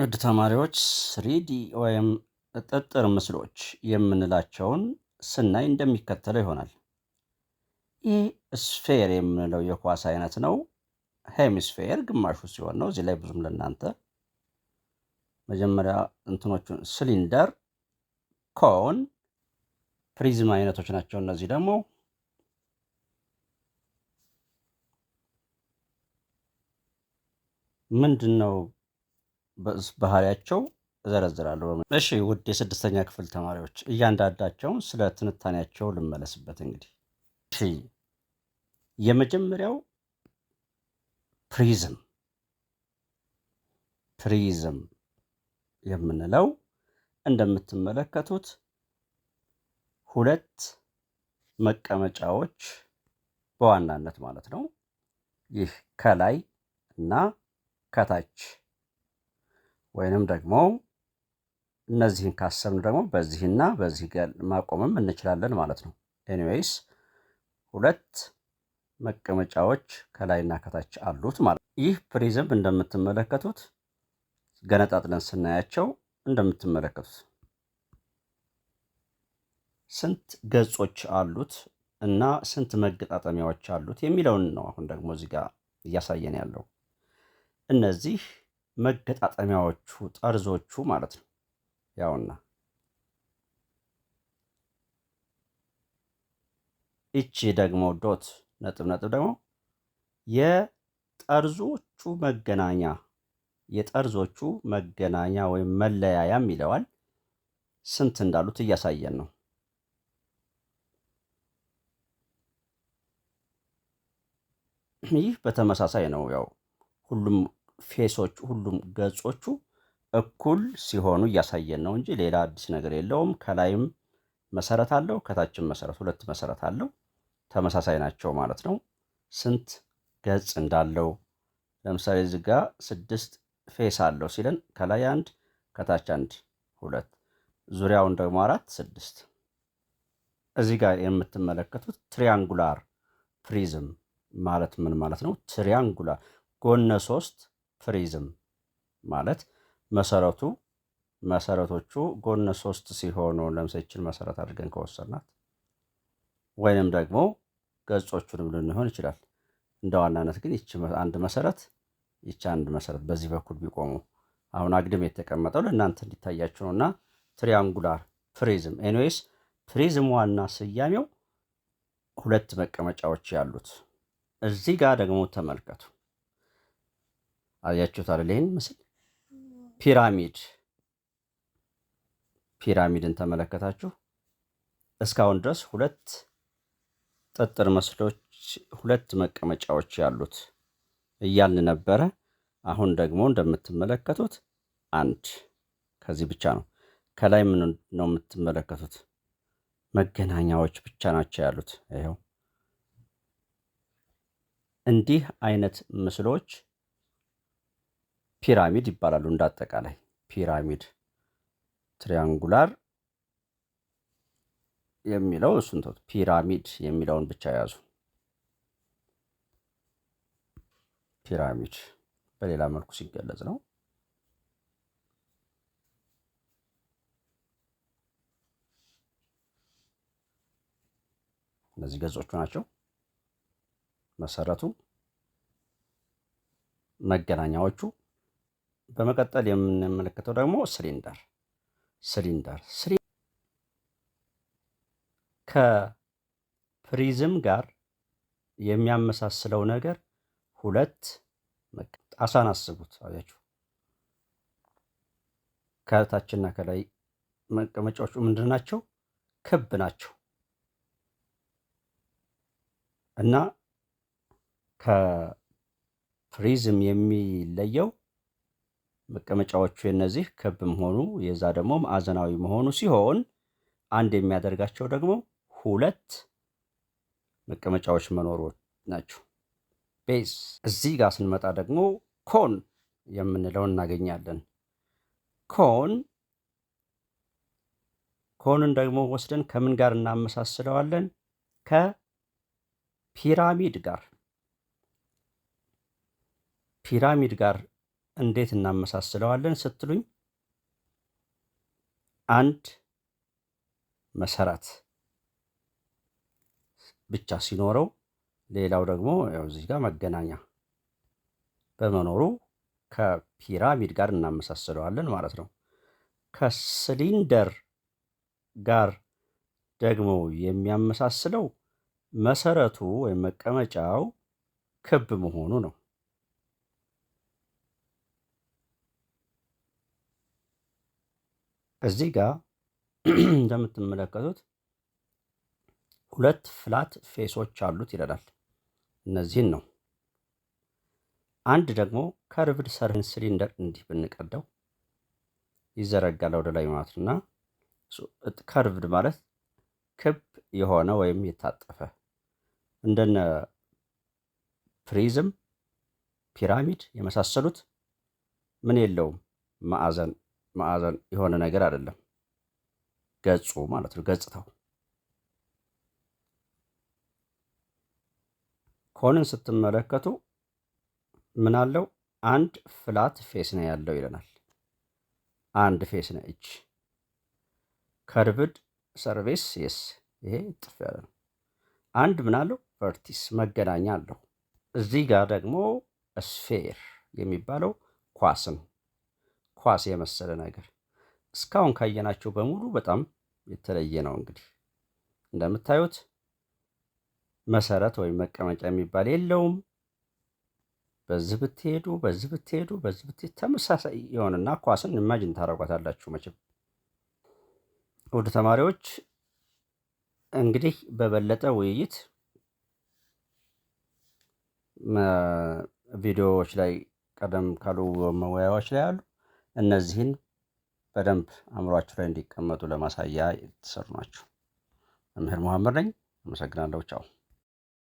ውድ ተማሪዎች ስሪዲ ወይም ጥጥር ምስሎች የምንላቸውን ስናይ እንደሚከተለው ይሆናል። ይህ ስፌር የምንለው የኳስ አይነት ነው። ሄሚስፌር ግማሹ ሲሆን ነው። እዚህ ላይ ብዙም ለእናንተ መጀመሪያ እንትኖቹን ሲሊንደር፣ ኮን፣ ፕሪዝም አይነቶች ናቸው። እነዚህ ደግሞ ምንድን ነው ባህሪያቸው እዘረዝራለሁ። እሺ ውድ የስድስተኛ ክፍል ተማሪዎች እያንዳንዳቸውን ስለ ትንታኔያቸው ልመለስበት። እንግዲህ እሺ የመጀመሪያው ፕሪዝም ፕሪዝም የምንለው እንደምትመለከቱት ሁለት መቀመጫዎች በዋናነት ማለት ነው። ይህ ከላይ እና ከታች ወይንም ደግሞ እነዚህን ካሰብን ደግሞ በዚህና በዚህ ማቆምም እንችላለን ማለት ነው። ኤኒዌይስ ሁለት መቀመጫዎች ከላይና ከታች አሉት ማለት ነው። ይህ ፕሪዝም እንደምትመለከቱት ገነጣጥለን ስናያቸው እንደምትመለከቱት ስንት ገጾች አሉት እና ስንት መገጣጠሚያዎች አሉት የሚለውን ነው አሁን ደግሞ እዚህ ጋር እያሳየን ያለው እነዚህ መገጣጠሚያዎቹ ጠርዞቹ ማለት ነው። ያውና እቺ ደግሞ ዶት ነጥብ ነጥብ ደግሞ የጠርዞቹ መገናኛ የጠርዞቹ መገናኛ ወይም መለያያም ይለዋል። ስንት እንዳሉት እያሳየን ነው። ይህ በተመሳሳይ ነው። ያው ሁሉም ፌሶች ሁሉም ገጾቹ እኩል ሲሆኑ እያሳየን ነው እንጂ ሌላ አዲስ ነገር የለውም። ከላይም መሰረት አለው፣ ከታችም መሰረት ሁለት መሰረት አለው። ተመሳሳይ ናቸው ማለት ነው። ስንት ገጽ እንዳለው ለምሳሌ እዚህ ጋ ስድስት ፌስ አለው ሲለን ከላይ አንድ ከታች አንድ ሁለት ዙሪያውን ደግሞ አራት ስድስት። እዚህ ጋር የምትመለከቱት ትሪያንጉላር ፕሪዝም ማለት ምን ማለት ነው? ትሪያንጉላር ጎነ ሶስት ፍሪዝም ማለት መሰረቱ መሰረቶቹ ጎን ሶስት ሲሆኑ ለምሳችን መሰረት አድርገን ከወሰናት ወይንም ደግሞ ገጾቹንም ልንሆን ይችላል። እንደ ዋናነት ግን ይች አንድ መሰረት ይች አንድ መሰረት በዚህ በኩል ቢቆሙ አሁን አግድም የተቀመጠው ለእናንተ እንዲታያችሁ እና ትሪያንጉላር ፕሪዝም። ኤኒዌይስ ፕሪዝም ዋና ስያሜው ሁለት መቀመጫዎች ያሉት። እዚህ ጋር ደግሞ ተመልከቱ። አያችሁት አይደል? ይህን ምስል ፒራሚድ ፒራሚድን ተመለከታችሁ። እስካሁን ድረስ ሁለት ጥጥር መስሎች ሁለት መቀመጫዎች ያሉት እያልን ነበረ። አሁን ደግሞ እንደምትመለከቱት አንድ ከዚህ ብቻ ነው። ከላይ ምን ነው የምትመለከቱት? መገናኛዎች ብቻ ናቸው ያሉት። ይኸው እንዲህ አይነት ምስሎች ፒራሚድ ይባላሉ። እንዳጠቃላይ ፒራሚድ ትሪያንጉላር የሚለው እሱን ተውት፣ ፒራሚድ የሚለውን ብቻ ያዙ። ፒራሚድ በሌላ መልኩ ሲገለጽ ነው። እነዚህ ገጾቹ ናቸው። መሰረቱ፣ መገናኛዎቹ በመቀጠል የምንመለከተው ደግሞ ሲሊንደር ሲሊንደር ከፕሪዝም ጋር የሚያመሳስለው ነገር ሁለት አሳን አስቡት። አያችሁ ከታችና ከላይ መቀመጫዎቹ ምንድን ናቸው? ክብ ናቸው እና ከፕሪዝም የሚለየው መቀመጫዎቹ የነዚህ ክብ መሆኑ የዛ ደግሞ ማዕዘናዊ መሆኑ ሲሆን አንድ የሚያደርጋቸው ደግሞ ሁለት መቀመጫዎች መኖሩ ናቸው። ቤዝ እዚህ ጋር ስንመጣ ደግሞ ኮን የምንለው እናገኛለን። ኮን ኮንን ደግሞ ወስደን ከምን ጋር እናመሳስለዋለን? ከፒራሚድ ጋር ፒራሚድ ጋር እንዴት እናመሳስለዋለን ስትሉኝ አንድ መሰረት ብቻ ሲኖረው ሌላው ደግሞ ያው እዚህ ጋር መገናኛ በመኖሩ ከፒራሚድ ጋር እናመሳስለዋለን ማለት ነው። ከሲሊንደር ጋር ደግሞ የሚያመሳስለው መሰረቱ ወይም መቀመጫው ክብ መሆኑ ነው። እዚህ ጋር እንደምትመለከቱት ሁለት ፍላት ፌሶች አሉት ይለናል። እነዚህን ነው። አንድ ደግሞ ከርቭድ ሰርን ሲሊንደር እንዲህ ብንቀደው ይዘረጋል ወደ ላይ ማለት እና ከርቭድ ማለት ክብ የሆነ ወይም የታጠፈ እንደነ ፕሪዝም፣ ፒራሚድ የመሳሰሉት ምን የለውም ማዕዘን ማዕዘን የሆነ ነገር አይደለም። ገጹ ማለት ነው፣ ገጽታው ኮንን ስትመለከቱ ምን አለው? አንድ ፍላት ፌስ ነው ያለው ይለናል። አንድ ፌስ ነው እች ከርብድ ሰርቪስ የስ ይሄ ጥፍ ያለ ነው። አንድ ምን አለው? ቨርቲስ መገናኛ አለው። እዚህ ጋር ደግሞ ስፌር የሚባለው ኳስን ኳስ የመሰለ ነገር እስካሁን ካየናቸው በሙሉ በጣም የተለየ ነው። እንግዲህ እንደምታዩት መሰረት ወይም መቀመጫ የሚባል የለውም። በዚህ ብትሄዱ በዚህ ብትሄዱ በዚህ ብትሄዱ ተመሳሳይ የሆነና ኳስን ኢማጅን ታደርጓታላችሁ መቼም። ውድ ተማሪዎች እንግዲህ በበለጠ ውይይት ቪዲዮዎች ላይ ቀደም ካሉ መወያያዎች ላይ አሉ። እነዚህን በደንብ አእምሯችሁ ላይ እንዲቀመጡ ለማሳያ የተሰሩ ናቸው። መምህር መሐመድ ነኝ። አመሰግናለሁ። ቻው